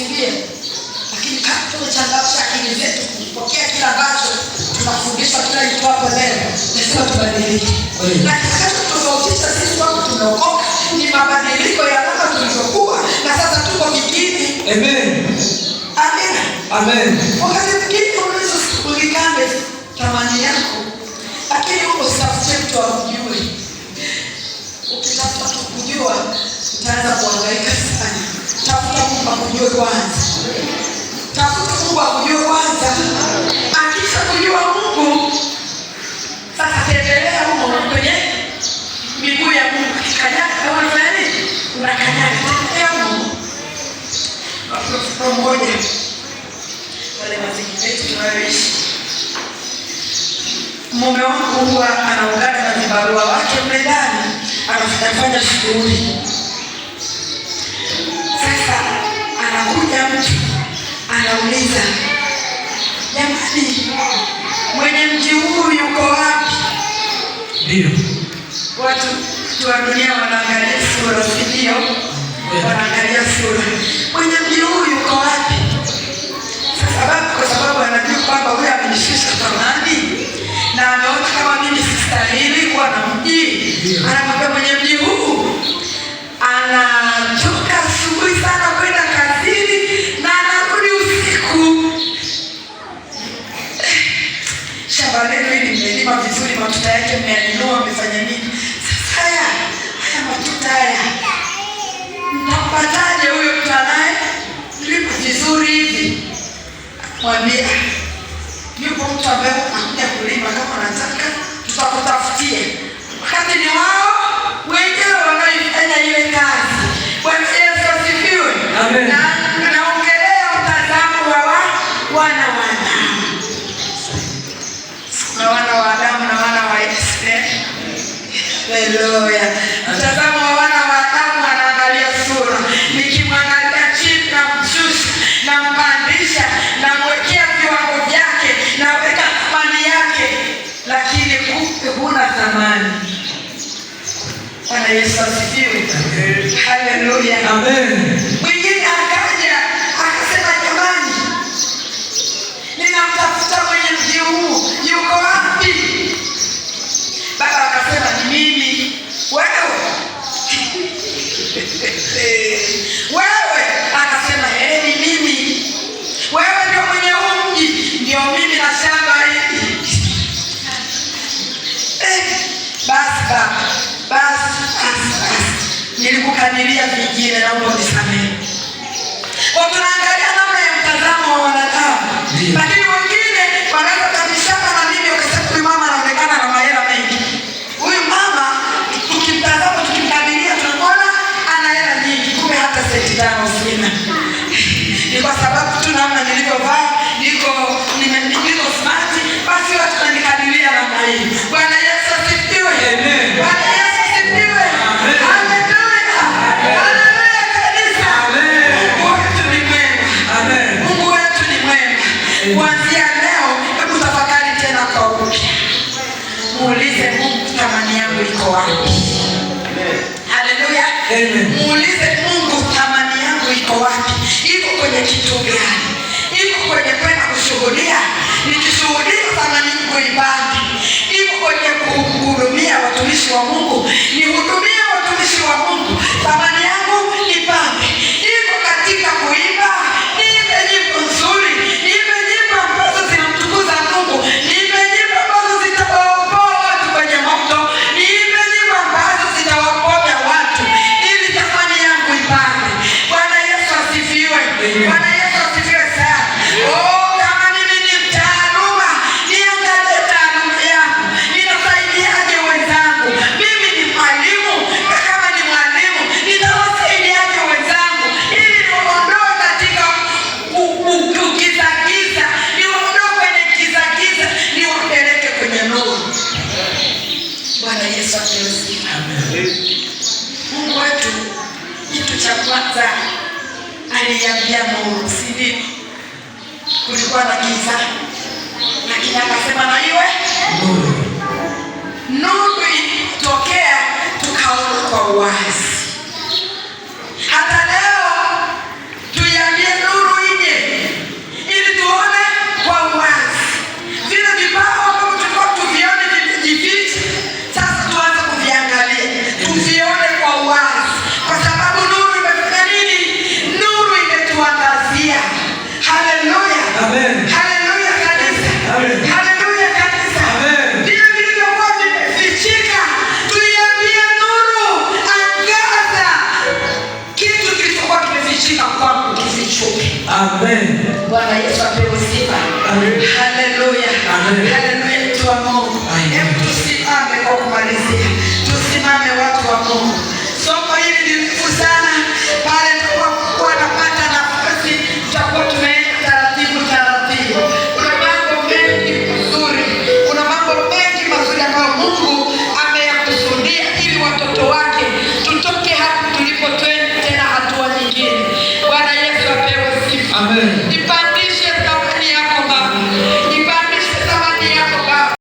tusikimbie, lakini kama tumechangamsha akili zetu kupokea kila ambacho tunafundishwa kila itwapo leo, lazima tubadilike. Na kitakachotofautisha sisi kwamba tumeokoka ni mabadiliko ya mama tulivyokuwa na sasa tuko kipindi. Amen, amen, amen. Wakati mwingine unaweza usikilizane tamani yako, lakini huko sitafutie mtu akujue. Ukitafuta kujua utaanza kuangaika sana tafuta Mungu akujue kwanza, tafuta Mungu akujue kwanza. Akisha kujua Mungu sasa, tembelea huko kwenye miguu ya Mungu, kikanyaga kama unafanya nini, unakanyaga tembelea Mungu. Kwa mmoja wale mazingira yetu tunayoishi, mume wangu huwa anaungana na vibarua wake mle ndani, anafanya shughuli anauliza jamani, mwenye mji huu yuko wapi? Ndio watu wa dunia wanaangalia sura, si ndio? Wanaangalia sura, mwenye mji huu yuko wapi? Sababu kwa sababu anajua kwamba huyo amenishusha mwambie yupo mtu ambaye anakuja kulima, kama unataka tutakutafutia. Wakati ni wao wenyewe wanaifanya ile kazi. Bwana Yesu asifiwe. Naongelea mtazamo wa wana wa Adamu, kuna wana wa Adamu na wana wa Yesu. Eh? Haleluya, mtazamo Haleluya, amen. Mwingine akaja akasema, jamani, ninamtafuta mwenye mji huu, yuko wapi? Baba akasema, ni mimi. Wewe nilikukadiria vingine na unisamehe. Kwa tunaangalia namna ya mtazamo wa wanadamu lakini muulize Mungu thamani yangu iko wapi? Haleluya! Muulize Mungu thamani yangu iko wapi? Iko kwenye kitu gani? Iko kwenye kwenda kushuhudia, nikishuhudia thamani yangu ibaki. Iko kwenye kuhudumia watumishi wa Mungu, ni kwanza aliambia Mungu, si nini? Kulikuwa na giza, lakini akasema na iwe nuru. Nuru ilitokea, tukaona kwa uwazi Yesu apewe sifa. Haleluya.